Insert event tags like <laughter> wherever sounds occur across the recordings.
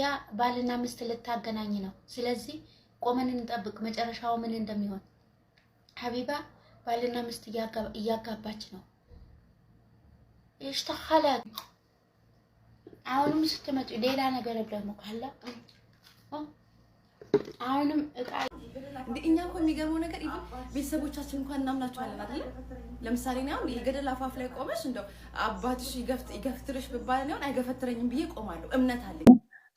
ያ ባልና ሚስት ልታገናኝ ነው። ስለዚህ ቆመን እንጠብቅ መጨረሻው ምን እንደሚሆን። ሀቢባ ባልና ሚስት እያጋባች ነው። ይሽተኸለ አሁንም ስትመጪ ሌላ ነገር ደግሞ ካለ አሁንም እቃ እኛ እኮ የሚገርመው ነገር ቤተሰቦቻችን እንኳን እናምናቸዋለን አይደል? ለምሳሌ ነው የገደል አፋፍ ላይ ቆመሽ እንደው አባትሽ ይገፍትርሽ ብባል ነው አይገፈትረኝም ብዬ ቆማለሁ። እምነት አለኝ።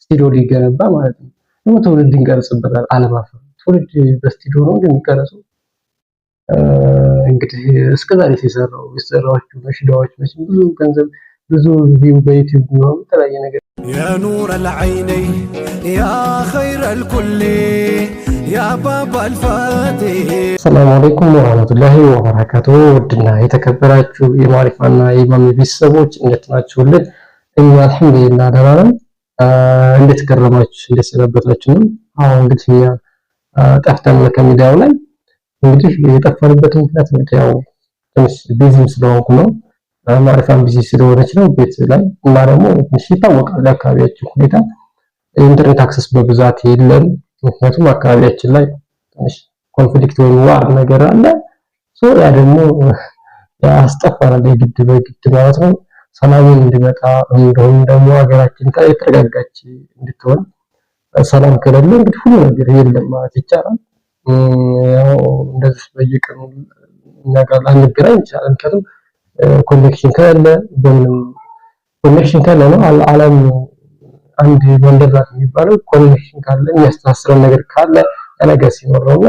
ስቱዲዮ ሊገነባ ማለት ነው። ደግሞ ትውልድ አለም አለማፈር ትውልድ በስቱዲዮ ነው የሚቀረጸው። እንግዲህ እስከዛሬ ሲሰራው የሰራዎቹ መሽዳዎች መቼም ብዙ ገንዘብ ብዙ ቪው በዩቲዩብ ነው የተለያየ ነገር የኑር አልዓይነይ ያ ኸይረ አልኩሊ ያ ባባ አልፋቲህ። ሰላም አለይኩም ወራህመቱላሂ ወበረካቱ። ውድና የተከበራችሁ የማሪፋና የኢማሚ ቤተሰቦች እንዴት ናችሁልን? እኛ አልሐምዱሊላህ ደህና ነን። እንዴት ከረማችሁ እንዴት ሰነበታችሁ ነው። አሁን እንግዲህ ጠፍተን ከሚዲያው ላይ እንግዲህ የጠፋንበት ምክንያት እንግዲህ ያው ትንሽ ቢዚም ስለሆንኩ ነው። ማረፊያም ቢዚ ስለሆነች ነው ቤት ላይ እና ደግሞ ትንሽ ይታወቃል የአካባቢያችን ሁኔታ የኢንተርኔት አክሰስ በብዛት የለም። ምክንያቱም አካባቢያችን ላይ ትንሽ ኮንፍሊክት ወይም ዋር ነገር አለ። ያ ደግሞ ያስጠፋናል የግድ በግድ ማለት ነው። ሰላም እንዲመጣ እንዲሁም ደግሞ ሀገራችን የተረጋጋች እንድትሆን ሰላም ከሌለ እንግዲህ ሁሉ ነገር የለም ማለት ይቻላል። ያው እንደዚህ በየቀኑ እኛ ጋር ላንገናኝ እንችላለን። ምክንያቱም ኮኔክሽን ከሌለ በምንም ኮኔክሽን ካለ ነው አለም አንድ መንደር ናት የሚባለው። ኮኔክሽን ካለ የሚያስተሳስረን ነገር ካለ ያ ነገር ሲኖር ነውና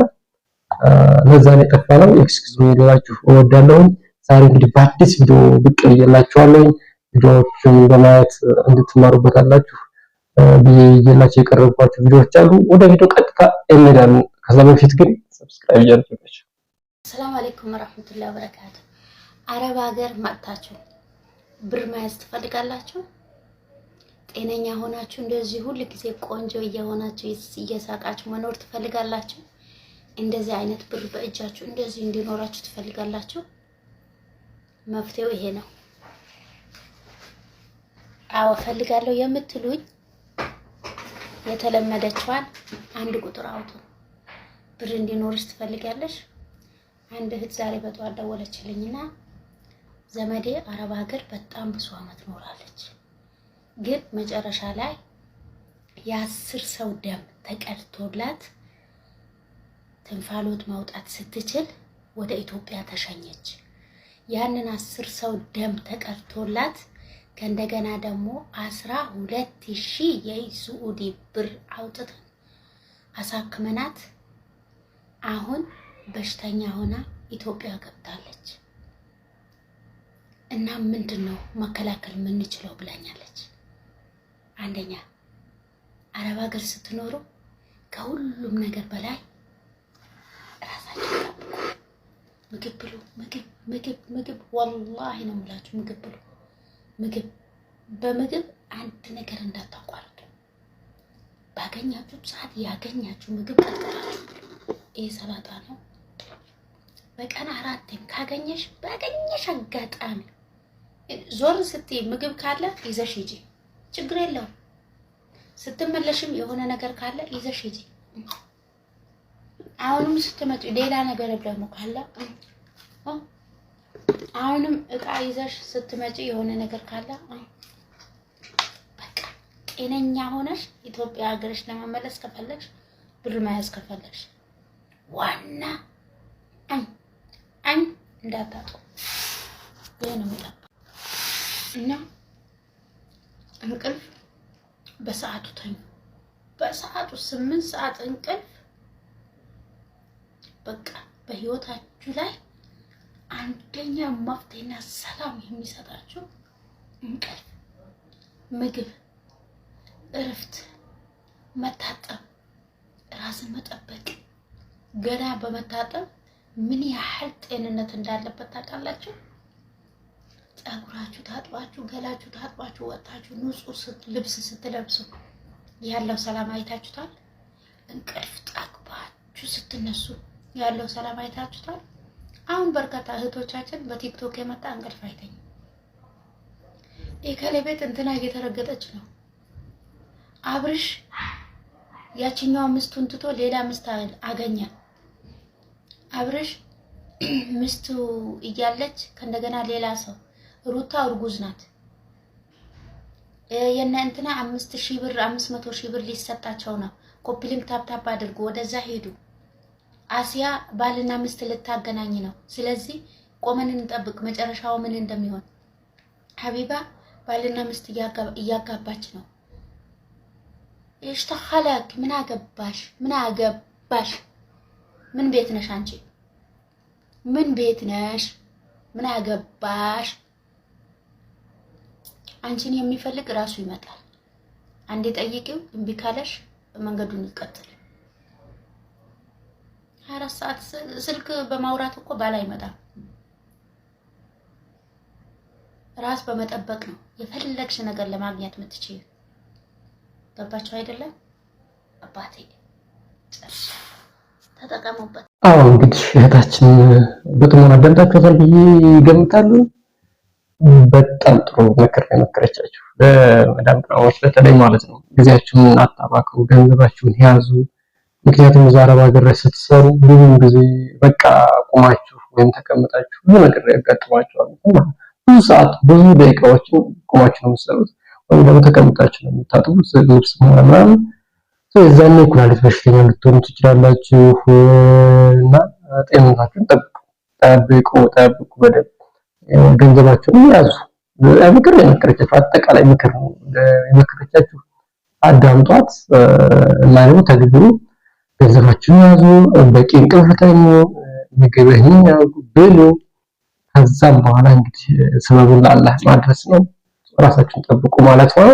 ለዛ ነው የጠፋ ነው። ኤክስኪውዝ ሊላችሁ እወዳለሁኝ። ዛሬ እንግዲህ በአዲስ ቪዲዮ ብቅ ብዬላችኋለሁ። ቪዲዮዎቹን በማየት እንድትማሩበት አላችሁ ብዬ እየላችሁ የቀረብኳቸው ቪዲዮዎች አሉ። ወደ ቪዲዮ ቀጥታ እንሄዳለን። ከዛ በፊት ግን ሰብስክራይብ እያደረጋችሁ ሰላም አለይኩም ወራህመቱላሂ ወበረካቱ። አረብ ሀገር መጥታችሁ ብር መያዝ ትፈልጋላችሁ? ጤነኛ ሆናችሁ እንደዚህ ሁል ጊዜ ቆንጆ እየሆናችሁ እየሳቃችሁ መኖር ትፈልጋላችሁ? እንደዚህ አይነት ብር በእጃችሁ እንደዚህ እንዲኖራችሁ ትፈልጋላችሁ? መፍትሄው ይሄ ነው። አዎ እፈልጋለሁ የምትሉኝ የተለመደችዋን አንድ ቁጥር አውጡ። ብር እንዲኖርሽ ትፈልጋለሽ? አንድ እህት ዛሬ በጠዋት ደወለችልኝና ዘመዴ አረብ ሀገር በጣም ብዙ አመት ኖራለች፣ ግን መጨረሻ ላይ የአስር ሰው ደም ተቀድቶላት ትንፋሎት ማውጣት ስትችል ወደ ኢትዮጵያ ተሸኘች። ያንን አስር ሰው ደም ተቀርቶላት ከእንደገና ደግሞ አስራ ሁለት ሺህ የሱዑዲ ብር አውጥተን አሳክመናት አሁን በሽተኛ ሆና ኢትዮጵያ ገብታለች እና ምንድን ነው መከላከል የምንችለው ብላኛለች። አንደኛ አረብ ሀገር ስትኖሩ ከሁሉም ነገር በላይ ራሳችን ጠብቁ። ምግብ ብሉ፣ ምግብ ምግብ ምግብ። ወላሂ ነው የምላችሁ፣ ምግብ ብሉ፣ ምግብ በምግብ አንድ ነገር እንዳታቋርጡ። ባገኛችሁ ሰዓት ያገኛችሁ ምግብ ቀጥታችሁ ይህ ሰላጣ ነው። በቀን አራቴን ካገኘሽ ባገኘሽ አጋጣሚ ዞር ስትይ ምግብ ካለ ይዘሽ ሂጂ፣ ችግር የለውም። ስትመለሽም የሆነ ነገር ካለ ይዘሽ ሂጂ። አሁንም ስትመጡ ሌላ ነገር ደግሞ ካለ አሁንም እቃ ይዘሽ ስትመጪ የሆነ ነገር ካለ በቃ ጤነኛ ሆነሽ ኢትዮጵያ ሀገርሽ ለመመለስ ከፈለግሽ ብር መያዝ ከፈለግሽ ዋና አይ አይ እንዳታጡ። ይሄ ነው የሚጠባ እና እንቅልፍ በሰዓቱ ተኙ። በሰዓቱ ስምንት ሰዓት እንቅልፍ በቃ በህይወታችሁ ላይ አንደኛ መፍትሄና ሰላም የሚሰጣችሁ እንቅልፍ፣ ምግብ፣ እረፍት፣ መታጠብ፣ ራስን መጠበቅ፣ ገና በመታጠብ ምን ያህል ጤንነት እንዳለበት ታውቃላችሁ? ጸጉራችሁ ታጥባችሁ፣ ገላችሁ ታጥባችሁ፣ ወጣችሁ ንጹህ ልብስ ስትለብሱ ያለው ሰላም አይታችሁታል። እንቅልፍ ጠግባችሁ ስትነሱ ያለው ሰላም አይታችሁታል። አሁን በርካታ እህቶቻችን በቲክቶክ የመጣ እንቅልፍ አይተኝም። የከሌ ቤት እንትና እየተረገጠች ነው አብርሽ ያችኛዋ ሚስቱን ትቶ ሌላ ሚስት አገኘ። አብርሽ <clears throat> ሚስቱ እያለች ከእንደገና ሌላ ሰው ሩታ እርጉዝ ናት። እንትና አምስት ሺህ ብር አምስት መቶ ሺህ ብር ሊሰጣቸው ነው። ኮፒሊንግ ታፕታፕ አድርጉ። ወደዛ ሄዱ። አሲያ ባልና ሚስት ልታገናኝ ነው። ስለዚህ ቆመን እንጠብቅ መጨረሻው ምን እንደሚሆን። ሀቢባ ባልና ሚስት እያጋባች ነው። ይሽተኸለክ ምን አገባሽ? ምን አገባሽ? ምን ቤት ነሽ አንቺ? ምን ቤት ነሽ? ምን አገባሽ? አንቺን የሚፈልግ ራሱ ይመጣል። አንዴ ጠይቂው፣ እምቢ ካለሽ መንገዱን ይቀጥል። ሀያ አራት ሰዓት ስልክ በማውራት እኮ ባል አይመጣም። ራስ በመጠበቅ ነው የፈለግሽ ነገር ለማግኘት የምትችይው። ገባቸው አይደለም አባቴ? ተጠቀሙበት። አዎ እንግዲህ እህታችን በጥሞና አዳምጣችኋታል ብዬ ይገምታሉ። በጣም ጥሩ ምክር የመከረቻችሁ ለመዳም ቅመሞች በተለይ ማለት ነው። ጊዜያችሁን አታባክሩ፣ ገንዘባችሁን ያዙ። ምክንያቱም እዛ አረብ ሀገር ላይ ስትሰሩ ብዙም ጊዜ በቃ ቁማችሁ ወይም ተቀምጣችሁ ብዙ ነገር ያጋጥማችኋል። ብዙ ሰዓት ብዙ ደቂቃዎችን ቁማችሁ ነው የምትሰሩት፣ ወይም ደግሞ ተቀምጣችሁ ነው የምታጥቡት ልብስ ምናምን። የዛኔ ኩላሊት በሽተኛ ልትሆኑ ትችላላችሁ እና ጤንነታችሁን ጠብቁ፣ ጠብቁ፣ ጠብቁ። በደንብ ገንዘባችሁን ያዙ። ምክር የመከረቻችሁ አጠቃላይ ምክር ነው የመከረቻችሁ። አዳምጧት እና ደግሞ ተግብሩ። ገንዘባችሁን ያዙ፣ በቂ እንቅልፍ ተኙ፣ ምግብህን ያውቁ ብሉ። ከዛም በኋላ እንግዲህ ሰበቡን ለአላህ ማድረስ ነው። ራሳችሁን ጠብቁ ማለት ነው።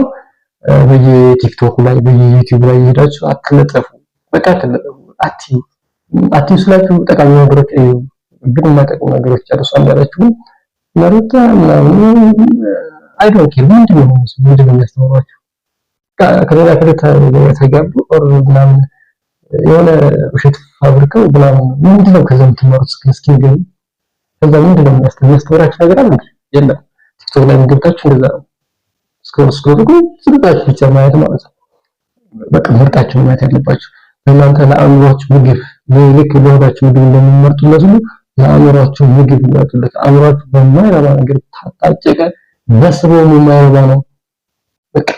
በየቲክቶክ ላይ በየዩቲዩብ ላይ የሄዳችሁ አትለጠፉ፣ በቃ አትለጠፉ። አቲ አቲ ስላችሁ ጠቃሚ ነገሮች ግን የማይጠቅሙ ነገሮች ጨርሶ አንዳላችሁ መሩጣ ምናምን አይዶንት ምንድን ነው ምንድን ነው የሚያስተምሯችሁ ከሌላ ከሌላ ተጋቡ ምናምን የሆነ ውሸት ፋብሪካው ምናምን ምንድነው? ከዛ የምትማሩት እስኪ ንገሩኝ። ከዛ ምንድነው የሚያስተምራችሁ ነገር አለ የለም። ቲክቶክ ላይ ገብታችሁ እንደዛ ነው ስክሮል ስክሮል ዝምታችሁ ብቻ ማየት ማለት ነው። በቃ ምርጣችሁ ማየት ያለባችሁ ለእናንተ ለአእምሯችሁ ምግብ ልክ ለሆዳችሁ ምግብ እንደሚመርጡለት ሁሉ ለአእምሯችሁ ምግብ ይመርጡለት። አእምሯችሁ በማይረባ ነገር ታጣጨቀ፣ በስበው የማይረባ ነው በቃ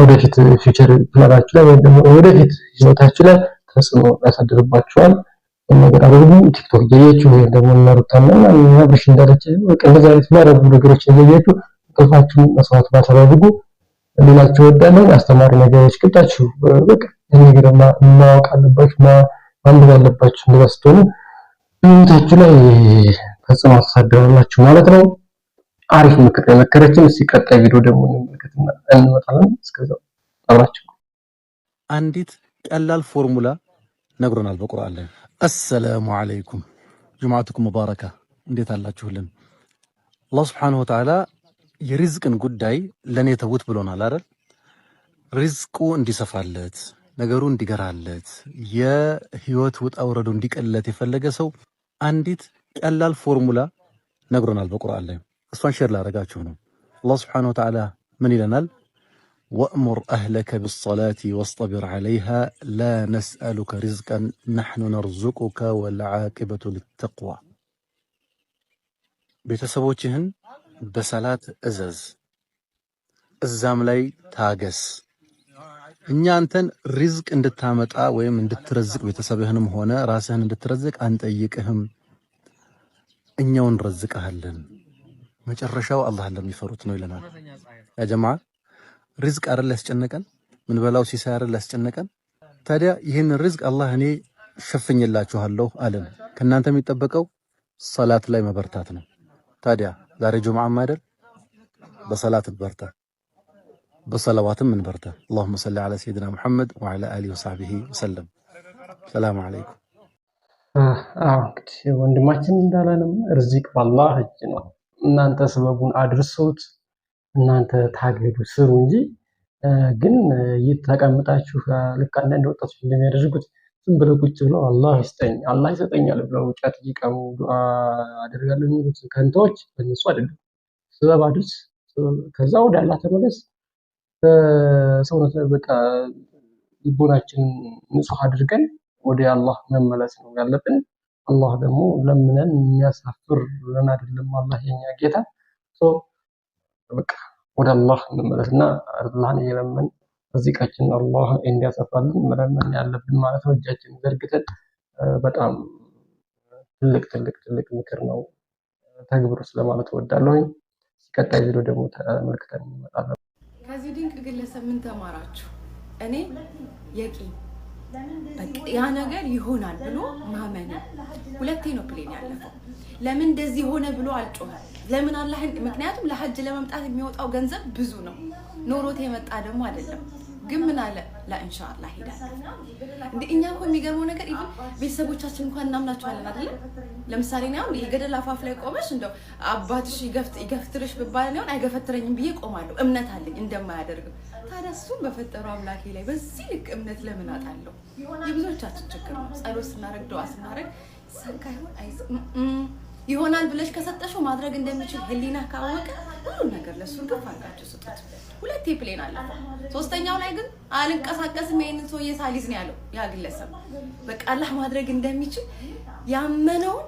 ወደፊት ፊቸር ፕላናችሁ ላይ ወይም ደግሞ ወደፊት ህይወታችሁ ላይ ተጽዕኖ ያሳድርባችኋል። ነገር አድርጉ። ቲክቶክ እያያችሁ ወይም ደግሞ እናሩታና አብርሽ እንዳለች በቃ እንደዚህ አይነት የሚያደርጉ ነገሮች እያያችሁ እንቅልፋችሁን መስዋዕት ባታደርጉ ሌላችሁ ወዳለው አስተማሪ ነገሮች ቅጫችሁ በቃ ይህ ነገር ማወቅ አለባችሁ ማንበብ አለባችሁ። እንደዛ ስትሆኑ ህይወታችሁ ላይ ተጽዕኖ አሳድራላችሁ ማለት ነው። አሪፍ ምክር የመከረችን። እስኪ ቀጣይ ቪዲዮ ደግሞ እንመለከትና እንመጣለን። እስከዚያው አብራችሁ አንዲት ቀላል ፎርሙላ ነግሮናል በቁርአን ላይ። አሰላሙ አለይኩም ጁምዓቱኩም ሙባረካ፣ እንዴት አላችሁልን? አላህ ሱብሓነሁ ወተዓላ የሪዝቅን ጉዳይ ለእኔ ተውት ብሎናል አይደል? ሪዝቁ እንዲሰፋለት ነገሩ እንዲገራለት የህይወት ውጣ ውረዱ እንዲቀልለት የፈለገ ሰው አንዲት ቀላል ፎርሙላ ነግሮናል በቁርአን ላይ እሷን ሼር ላደረጋችሁ ነው። አላህ ስብሓነሁ ወተዓላ ምን ይለናል? ወእሙር አህለከ ብሰላቲ ወስጠቢር ዓለይሃ ላ ነስአሉከ ሪዝቀን ናሕኑ ነርዙቁከ ወልዓቂበቱ ልተቅዋ። ቤተሰቦችህን በሰላት እዘዝ፣ እዛም ላይ ታገስ። እኛ አንተን ሪዝቅ እንድታመጣ ወይም እንድትረዝቅ ቤተሰብህንም ሆነ ራስህን እንድትረዝቅ አንጠይቅህም፣ እኛውን እንረዝቅሃለን። መጨረሻው አላህ እንደሚፈሩት ነው ይለናል። ያጀማ ሪዝቅ አይደል ያስጨነቀን? ምን በላው ሲሳይ አይደል ያስጨነቀን? ታዲያ ይህን ሪዝቅ አላህ እኔ ሸፍኝላችኋለሁ አለን። ከእናንተ የሚጠበቀው ሰላት ላይ መበርታት ነው። ታዲያ ዛሬ ጁምዓም አይደል? በሰላት በርታ፣ በሰላዋትም እንበርታ። አላሁመ ሰሊ ዐላ ሰይድና ሙሐመድ ወዐላ አሊሂ ወሰሕቢሂ ወሰለም። ሰላም አለይኩም። እንግዲህ ወንድማችን እንዳለንም ርዚቅ በአላህ እጅ ነው። እናንተ ስበቡን አድርሶት እናንተ ታገዱ ስሩ እንጂ ግን ተቀምጣችሁ ልክ አንዳንድ ወጣቶች እንደሚያደርጉት ዝም ብለው ቁጭ ብለው አላህ ይስጠኝ አላህ ይሰጠኛል ብለው ጫት እየቃሙ ዱዓ አደርጋለሁ የሚሉት ከንቶች በእነሱ አይደለም። ስበብ አድርስ፣ ከዛ ወደ አላህ ተመለስ። ሰውነት በቃ ልቦናችንን ንጹህ አድርገን ወደ አላህ መመለስ ነው ያለብን። አላህ ደግሞ ለምነን የሚያሳፍርን አይደለም። አላህ የኛ ጌታ በቃ ወደ አላህ እንመለስና አላህን እየለመን ሪዚቃችን አላህ እንዲያሰፋልን መለመን ያለብን ማለት ነው። እጃችን ዘርግተን በጣም ትልቅ ትልቅ ትልቅ ምክር ነው። ተግብሩ ስለማለት እወዳለሁኝ። ሲቀጣይ ቪዲዮ ደግሞ ተመልክተን እንመጣለን። ከዚህ ድንቅ ግለሰብ ምን ተማራችሁ? እኔ የቂን ያ ነገር ይሆናል ብሎ ማመን። ሁለቴ ነው ፕሌን ያለፈው። ለምን እንደዚህ ሆነ ብሎ አልጮኸ። ለምን አላህን ምክንያቱም ለሀጅ ለመምጣት የሚወጣው ገንዘብ ብዙ ነው። ኖሮት የመጣ ደግሞ አይደለም። ግን ምን አለ ላኢንሻአላ ሄዳለሁ። እንደ እኛ እኮ የሚገርመው ነገር ኢቭን ቤተሰቦቻችን እንኳን እናምናቸዋለን አይደለ? ለምሳሌ ነው አሁን የገደል አፋፍ ላይ ቆመሽ እንደው አባትሽ ይገፍት ይገፍትርሽ ብባል ነው አይገፈትረኝም ብዬ ቆማለሁ። እምነት አለኝ እንደማያደርግም ታዲያ እሱም በፈጠረው አምላኬ ላይ በዚህ ልክ እምነት ለምን አጣለሁ? የብዙዎቻችን ችግር ነው። ጸሎት ስናደርግ ደዋ ስናደርግ ይሆናል ብለሽ ከሰጠሽው ማድረግ እንደሚችል ህሊና ካወቀ ሁሉን ነገር ለእሱ እርግፍ አድርጋችሁ ስጡት። ሁለት ፕሌን አለፈ። ሶስተኛው ላይ ግን አልንቀሳቀስም ይህንን ሰውዬ ሳሊዝ ነው ያለው ያ ግለሰብ። በቃ አላህ ማድረግ እንደሚችል ያመነውን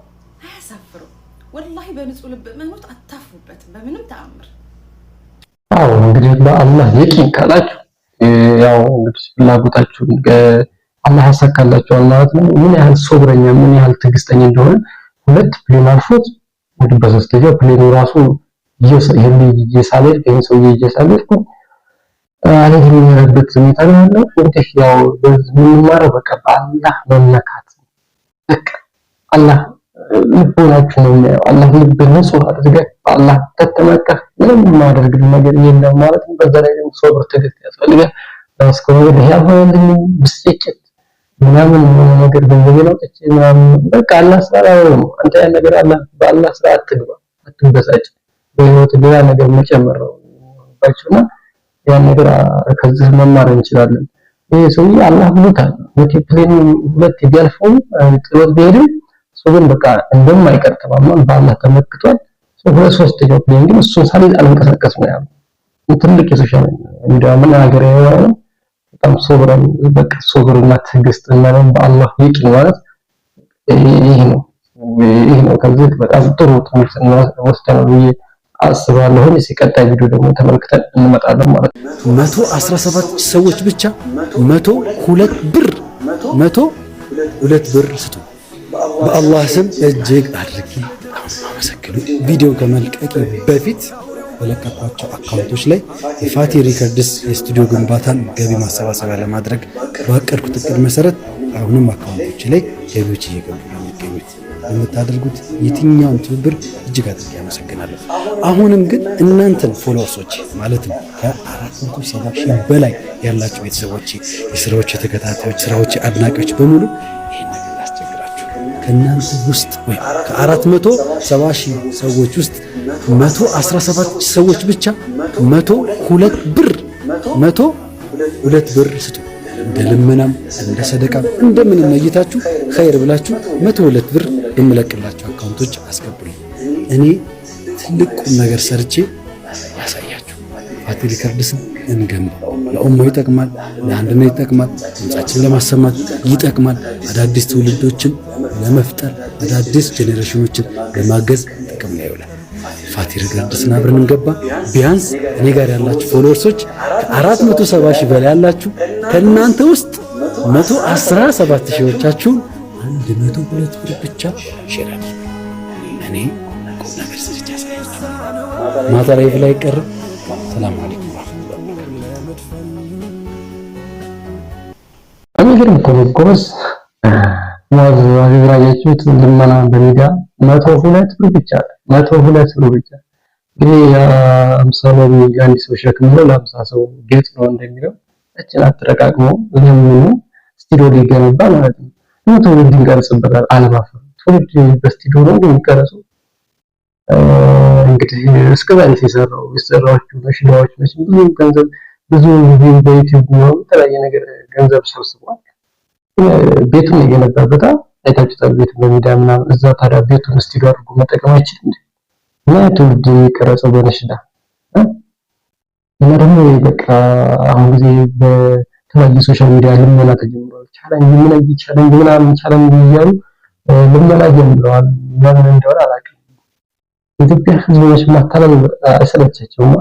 አያሳፍርም። ወላሂ በንጹህ ልብ መኖት አታፍሩበትም በምንም ተአምር። እንግዲህ በአላህ የቂን ካላችሁ ያው እንግዲህ ፍላጎታችሁን አላህ ያሳካላችኋል ማለት ነው። ምን ያህል ሶብረኛ ምን ያህል ትዕግስተኛ እንደሆነ ሁለት ፕሌን አልፎት ወደ በሶስተኛ ፕሌኑ ራሱ ይሄን እየሳለ ሰውዬ እየሳለ አለት የሚሆነበት ሁኔታ ነው ያለው። እንግዲህ ያው የምንማረው በቃ በአላህ መመካት በቃ አላህ ልቦናችሁ ነው የሚያየው። አላህ ልብ ንጹህ አድርገህ በአላህ ከተመቀህ ምንም ነገር የለም ማለት ነው። በዛ ላይ ደግሞ ሶብር ትዕግስት ያስፈልጋል። እስከ ወደ ያልሆነልኝ ብስጭት ምናምን የሆነ ነገር ገንዘቤ ነው ጥቼ ምናምን በቃ አላህ ስራ ላይ ነው። አንተ ያን ነገር አላህ በአላህ ስራ አትግባ፣ አትበሳጭ። በህይወት ሌላ ነገር መጨመር ነው ያን ነገር ከዚህ መማር እንችላለን። ይሄ ሰውዬ አላህ ብሎታል። ሁለት ቢያልፈው ጥሎት ቢሄድም ግን በቃ እንደማይቀር ተማምኗል። በአላህ ተመክቷል። ሁለት ሶስት ነው ግን እሱን ሳልይዝ አልንቀሳቀስም ነው ያለው። ትልቅ የሶሻል ሚዲያ መናገር የሆነው በጣም ሶብረን በቃ ሶብርና ትዕግስት እና በአላህ ይቂን ማለት ይሄ ነው ይሄ ነው። ከዚህ በጣም ጥሩ ትምህርት ወስደናል ብዬ አስባለሁ። ሲቀጣይ ቪዲዮ ደግሞ ተመልክተን እንመጣለን ማለት ነው። መቶ አስራ ሰባት ሰዎች ብቻ መቶ ሁለት ብር መቶ ሁለት ብር ስጡ በአላህ ስም እጅግ አድርጌ አመሰግኑ። ቪዲዮ ከመልቀቂ በፊት በለቀቋቸው አካውንቶች ላይ የፋቲ ሪከርድስ የስቱዲዮ ግንባታን ገቢ ማሰባሰቢያ ለማድረግ በአቀድኩት እቅድ መሰረት አሁንም አካውንቶች ላይ ገቢዎች እየገቡ ነው የሚገኙት። የምታደርጉት የትኛውን ትብብር እጅግ አድርጌ አመሰግናለሁ። አሁንም ግን እናንተን ፎሎወርሶች ማለትም ከአራት መቶ ሰባ ሺህ በላይ ያላቸው ቤተሰቦች፣ የስራዎች ተከታታዮች፣ ስራዎች አድናቂዎች በሙሉ ከእናንተ ውስጥ ወይ ከአራት መቶ ሰባ ሺህ ሰዎች ውስጥ መቶ አስራ ሰባት ሰዎች ብቻ መቶ ሁለት ብር መቶ ሁለት ብር ስጡ። እንደ ልመናም እንደ ሰደቃም እንደምን ነይታችሁ ኸይር ብላችሁ መቶ ሁለት ብር የምለቅላችሁ አካውንቶች አስቀብሉ እኔ ትልቅ ቁም ነገር ሰርቼ ያሳያችሁ። ፋቲ ሪከርድስን እንገንባ። ለኡማ ይጠቅማል፣ ለአንድነት ይጠቅማል፣ ድምጻችን ለማሰማት ይጠቅማል። አዳዲስ ትውልዶችን ለመፍጠር አዳዲስ ጄኔሬሽኖችን ለማገዝ ጥቅም ላይ ይውላል። ፋቲር ሪከርድስን አብረን እንገባ። ቢያንስ እኔ ጋር ያላችሁ ፎሎወርሶች ከአራት መቶ ሰባ ሺህ በላይ ያላችሁ ከእናንተ ውስጥ መቶ አስራ ሰባት ሺዎቻችሁን አንድ መቶ ሁለት ብር ብቻ ሼር እኔ ቁም ነገር ስልቻ ማታ ላይ ብላ አይቀርም። ሰላም አለይኩም። የሚገርም እኮ ነው ጎበዝ። ዋዝ አደረጋችሁት ልመና በሚዲያ መቶ ሁለት ብር ብቻ መቶ ሁለት ብር ብቻ እንግዲህ አምሳ ሎሚ ሰው ሸክም ነው ለአምሳ ሰው ጌጥ ነው እንደሚለው እችን አተረቃቅሞ ለምኑ ስቱዲዮ ሊገነባ ማለት ነው። ምን ትውልድ እንቀርጽበታል? አለማፈር ትውልድ በስቱዲዮ ነው የሚቀረጸው። እንግዲህ እስከዛሬ ሲሰራው የሰራዎቹ በሽዳዎች መቼም ብዙ ገንዘብ ብዙ ጊዜ በዩቲዩብ ነው የተለያየ ነገር ገንዘብ ሰብስቧል። ቤቱ ቤቱን እየነበር በጣም አይታችሁታል። ቤቱ በሚዲያ ምናምን እዛ ታዲያ ቤቱን ስቱዲዮ አድርጎ መጠቀም አይችልም እንዴ? እና ትውልድ የሚቀረጸው በነሽዳ እና ደግሞ በቃ አሁን ጊዜ በተለያዩ ሶሻል ሚዲያ ልመና ተጀምሯል። ቻለንጅ ምን ቻለንጅ ምናምን ቻለንጅ እያሉ ልመና ጀምረዋል። ለምን እንደሆነ አላውቅም። ኢትዮጵያ ህዝቦች ማታለል አይሰለቻቸውማ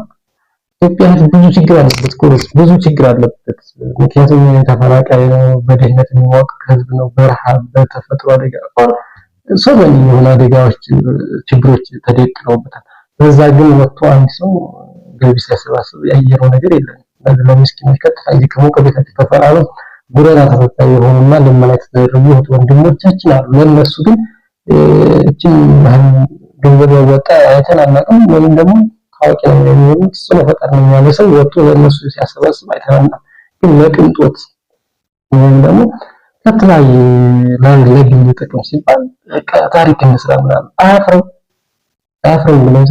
ኢትዮጵያ ብዙ ችግር አለበት ኮርስ ብዙ ችግር አለበት። ምክንያቱም ተፈናቃይ ነው፣ በድህነት የሚዋቅቅ ህዝብ ነው፣ በረሃብ በተፈጥሮ አደጋ ሰዘን የሆነ አደጋዎች ችግሮች ተደቅነውበታል። በዛ ግን ወጥቶ አንድ ሰው ገቢ ሲያሰባስብ ያየረው ነገር የለም። ለምስኪኖች ቀጥታ እዚህ ከሞቀ ቤታቸው ተፈራሩ ጉረራ ተፈታኝ የሆኑና ለመና የተደረጉ እህት ወንድሞቻችን አሉ። ለእነሱ ግን እችን ገንዘብ ያወጣ አይተን አናውቅም ወይም ደግሞ ታዋቂ ነው የሚሆኑት እሱ ነው ነው ያለ ሰው ወጥቶ አይተናል። ግን ለቅንጦት ወይም ደግሞ ጥቅም ሲባል ታሪክ እንስራ ምናምን አያፍረው አያፍረው ብለው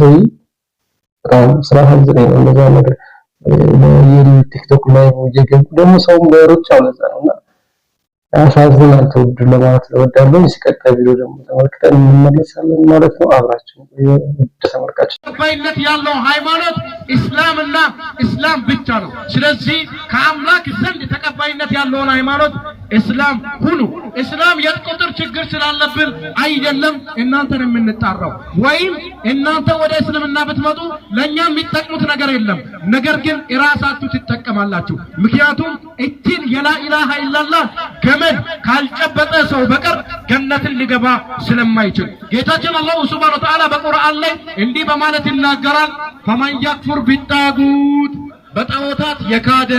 በጣም ስላሳዘነኝ ነው። እንደዛ ነገር የቲክቶክ ላይ እየገቡ ደግሞ ሰውም አሳዝናቸው ውድ ለማለት እወዳለሁ። ሲቀጣይ ቪዲዮ ደግሞ ተመልክተን እንመለሳለን ማለት ነው። አብራችን ውድ ተመልካች ተቀባይነት ያለው ሃይማኖት እስላምና እስላም ብቻ ነው። ስለዚህ ከአምላክ ዘንድ ተቀባይነት ያለውን ሃይማኖት እስላም ሁኑ። እስላም የቁጥር ችግር ስላለብን አይደለም እናንተን የምንጣራው፣ ወይም እናንተ ወደ እስልምና ብትመጡ ለእኛ የሚጠቅሙት ነገር የለም። ነገር ግን እራሳችሁ ትጠቀማላችሁ። ምክንያቱም እችን የላኢላሃ ኢላላ ገመ ገመድ ካልጨበጠ ሰው በቀር ገነትን ሊገባ ስለማይችል ጌታችን አላሁ ስብሃነ ወተዓላ በቁርአን ላይ እንዲህ በማለት ይናገራል። ፈመን የክፉር ቢጣጉት በጣዖታት የካደ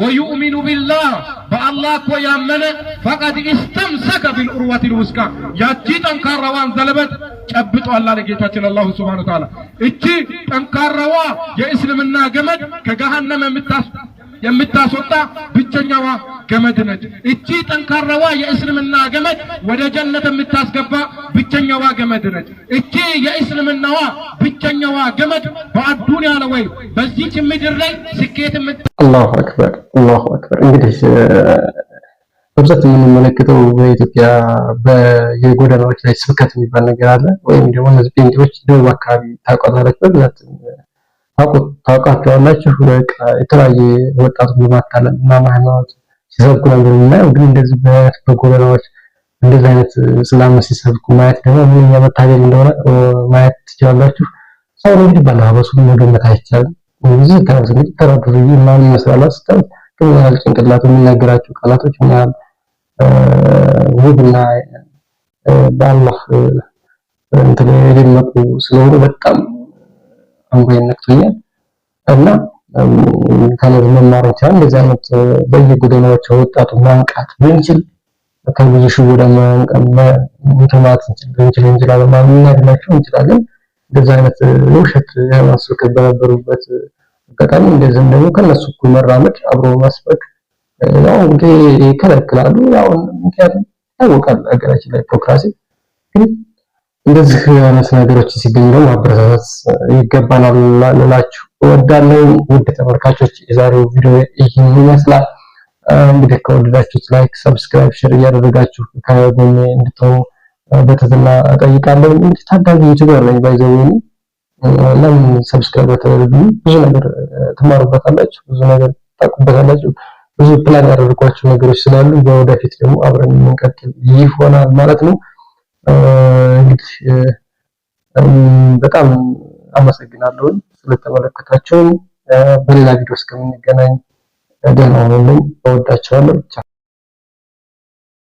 ወዩእሚኑ ቢላህ በአላህ እኮ ያመነ ፈቀድ ኢስተምሰከ ቢልዑርወቲል ውስካ ያቺ ጠንካራዋን ዘለበት ጨብጧል አለ ጌታችን አላሁ ስብሃነ ወተዓላ። እቺ ጠንካራዋ የእስልምና ገመድ ከገሃነም የምታስወጣ ብቸኛዋ ገመድ እቺ ጠንካራዋ የእስልምና ገመድ ወደ ጀነት የምታስገባ ብቸኛዋ ገመድ ነች። እቺ የእስልምናዋ ብቸኛዋ ገመድ በአዱንያ ነው ወይ በዚች ምድር ላይ ስኬት የምት አላሁ አክበር አላሁ አክበር። እንግዲህ በብዛት የምንመለከተው በኢትዮጵያ የጎዳናዎች ላይ ስብከት የሚባል ነገር አለ። ወይም ደግሞ እነዚህ ጴንጤዎች ደቡብ አካባቢ ታውቋታላችሁ በብዛት ታውቋቸዋላችሁ። የተለያየ ወጣቱን በማታለል እና ሃይማኖት ሲሰብኩ ነበር የምናየው። ግን እንደዚህ በአያት በጎዳናዎች እንደዚህ አይነት ስላም ሲሰብኩ ማየት ደግሞ ምን የመታደል እንደሆነ ማየት ትችላላችሁ። ሰው ነው እንግዲህ ባለባበሱ መገመት አይቻልም። ብዙ ተራስ እንግዲህ ተራዱሩ ምናምን ይመስላል አስተም ግን ያህል ጭንቅላቱ የሚናገራቸው ቃላቶች ምን ያህል ውብና በአላህ እንትን የደመቁ ስለሆኑ በጣም አንጎዬን ነክቶኛል እና ከላይ መማሮች አሁን እንደዚህ አይነት በየጎዳናዎች ወጣቱ ማንቃት ብንችል ከብዙ ሽቦዳ ማንቀማት ብንችል እንችላለን ማለት ልናድናቸው እንችላለን። እንደዚህ አይነት ውሸት የሃይማኖት በነበሩበት አጋጣሚ እንደዚህም ደግሞ ከነሱ እኩል መራመድ አብሮ መስበክ ያው እንግዲህ ይከለክላሉ። ያው ምክንያቱም ይታወቃል ሀገራችን ላይ ፕሮክራሲ ግን እንደዚህ አይነት ነገሮች ሲገኙ ደግሞ ማበረታታት ይገባናል ልላችሁ እወዳለሁ። ውድ ተመልካቾች የዛሬው ቪዲዮ ይህን ይመስላል። እንግዲህ ከወደዳችሁት ላይክ፣ ሰብስክራይብ፣ ሼር እያደረጋችሁ ከጎን እንድትሆኑ በትህትና እጠይቃለሁ። እንግዲህ ታዳጊ ዩቲዩበር ነኝ ባይዘው ለምን ሰብስክራይብ በተደረጉ ብዙ ነገር ትማሩበታላችሁ፣ ብዙ ነገር ትጠቁበታላችሁ። ብዙ ፕላን ያደረጓቸው ነገሮች ስላሉ በወደፊት ደግሞ አብረን የምንቀጥል ይሆናል ማለት ነው። እንግዲህ በጣም አመሰግናለሁ ስለተመለከታችሁ። በሌላ ቪዲዮ እስከምንገናኝ ደህና ሁኑልኝ። እወዳቸዋለሁ።